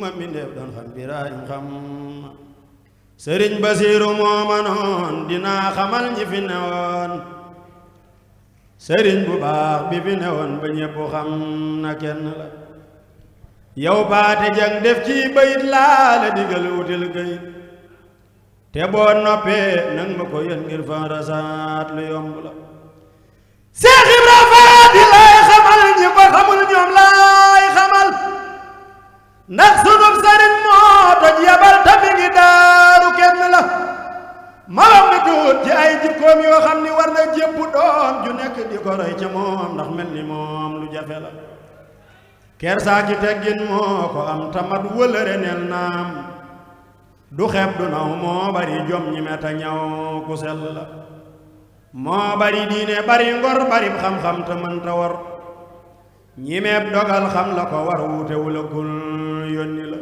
ma mbindeef doon xam biraayim xam sëriñ basiiru mooma noon dinaa xamal ñi sëriñ bu baax bi ba ñépp xam na kenn la yow baate jang def ci bayit laa la digal wutil gayit te boo noppee nang ma ko yën ngir fan rasaat lu yomb la Seex Ibra Faal ci ay jikkoom yoo xam ni war na jépp doom ju nekk di ko ca moom ndax mel ni moom lu jafe la kersaa ki teggin moo ko am tamat wëlëre nel naam du xeeb du naw moo bari jom ñi meta ñaw ku la moo bari diine bari ngor bari xam-xam te mënta war ñi dogal xam la ko war wuute wula kul yónni la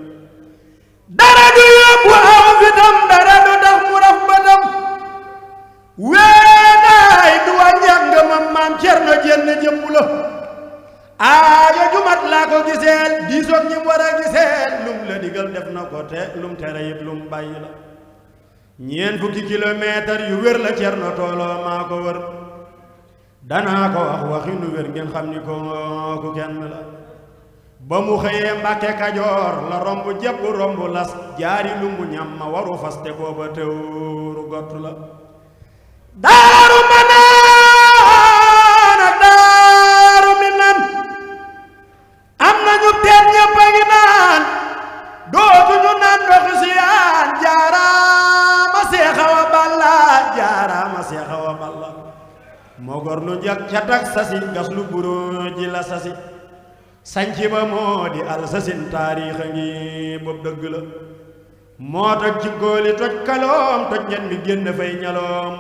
gisoon ñi mu war a gisee lum la digal def na ko te lum tere yit lum bàyyi la ñeent fukki kilomètre yu wér la cer na tooloo maa ko wër danaa ko wax waxi wér ngeen xam ni kooku kenn la ba mu xëyee mbàkke kajoor la romb jepp romb las jaari lu mu ñam ma waru faste booba tëwru gott la seexa balla moo lu njak ca tak sasi gas lu buroo ji la sasi sanci ba moo di al sasin taariixa ngi bopp dëgg la moo toj ci góoli toj kaloom toj ñen mi génn fay ñaloom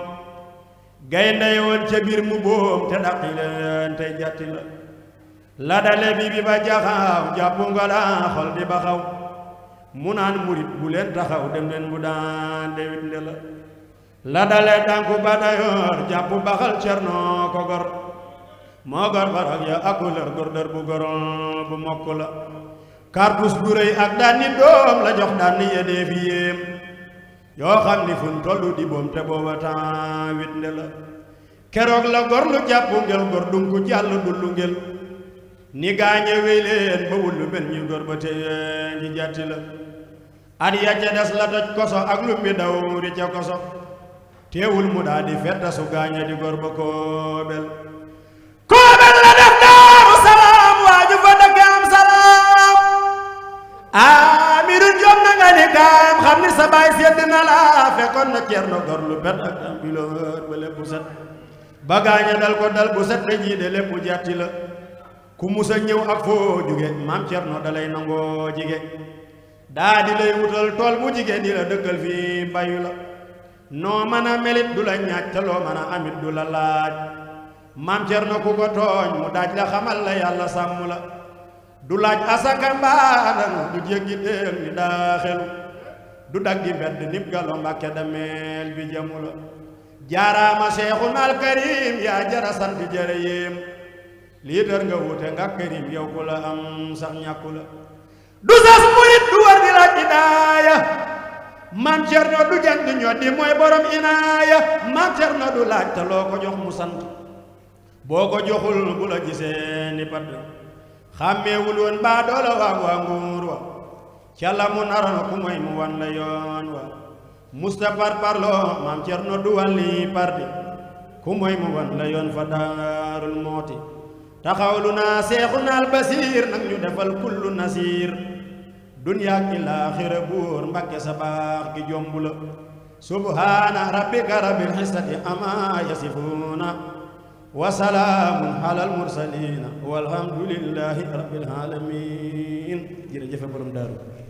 gaynde woon ca biir mu boom te daqi leen tey jàtti la la dale bi bi ba jaxaaw jàppu ngalaa xol di ba xaw mu naan murit bu leen taxaw dem leen bu daan dewit nde la la dalee tànku ba dayoor jàpp baxal cernoo ko gor moo gor barag ya akulër gordër bu goron bu mokk la kartus bu rëy ak daanni doom la jox daanni yedee fi yéem yoo xam ni fun tollu di te booba temps witnde la keroog la gor lu jàppu ngel gor dunku jàll dullu ngel ni gaañe wéy leen ba wullu ben ñi gor ba te ngi la at ya ca des la doj koso ak lumbi daw ri ca koso teewul mu daa di fetta su gaaña di gor ba koobel koobel la def daaru salaam waaju fa dëkk am salaam amiru njoom na nga ni gaam xam ni sa baay sedd na la fekkoon na ceerno gor lu pet ak am ba lépp set ba gaaña dal ko dal bu set ne jii de lépp jàtti la ku musa ñëw ak foo jóge maam Cerno dalay nangoo jige daa lay wutal tool mu jigéen di la dëkkal fii bayu la noo mën a melit du la ñàcc loo mën a amit du la laaj maam Cerno ku ko tooñ mu daaj la xamal la yàlla sàmm la du laaj asaka mbaadanu du jéggi déel ni daaxelu du daggi mbedd nib galo mbàkke dameel bi jëmu la jaaraama seexuna al karim yaa jara sant di yéem liitar nga wuute nga karim yow ku la am sax ñàkku la du sas murit du war di laaj idaaya maam Cerno du jàng du ñoddi mooy borom inaaya maam Cerno du laaj te loo ko jox mu sant boo ko joxul bu la gisee ni pat xàmmeewul woon baa doola waag waa nguur wa ca la mu naroon ku mooy mu wan la yoon wa musta par parloo maam Cerno du wàlli parti ku mooy mu wan la yoon fa daarul mooti taxawlu naa seexu naal basiir nag ñu defal kullu nasiir dunyaa ki laaxira buur mbakke sa baax gi jomb la subhaana rabbika rabbil izzati amaa yasifuuna wa salaamun alal mursaliina walhamdulillaahi rabbil aalamiin jërëjëf borom daaru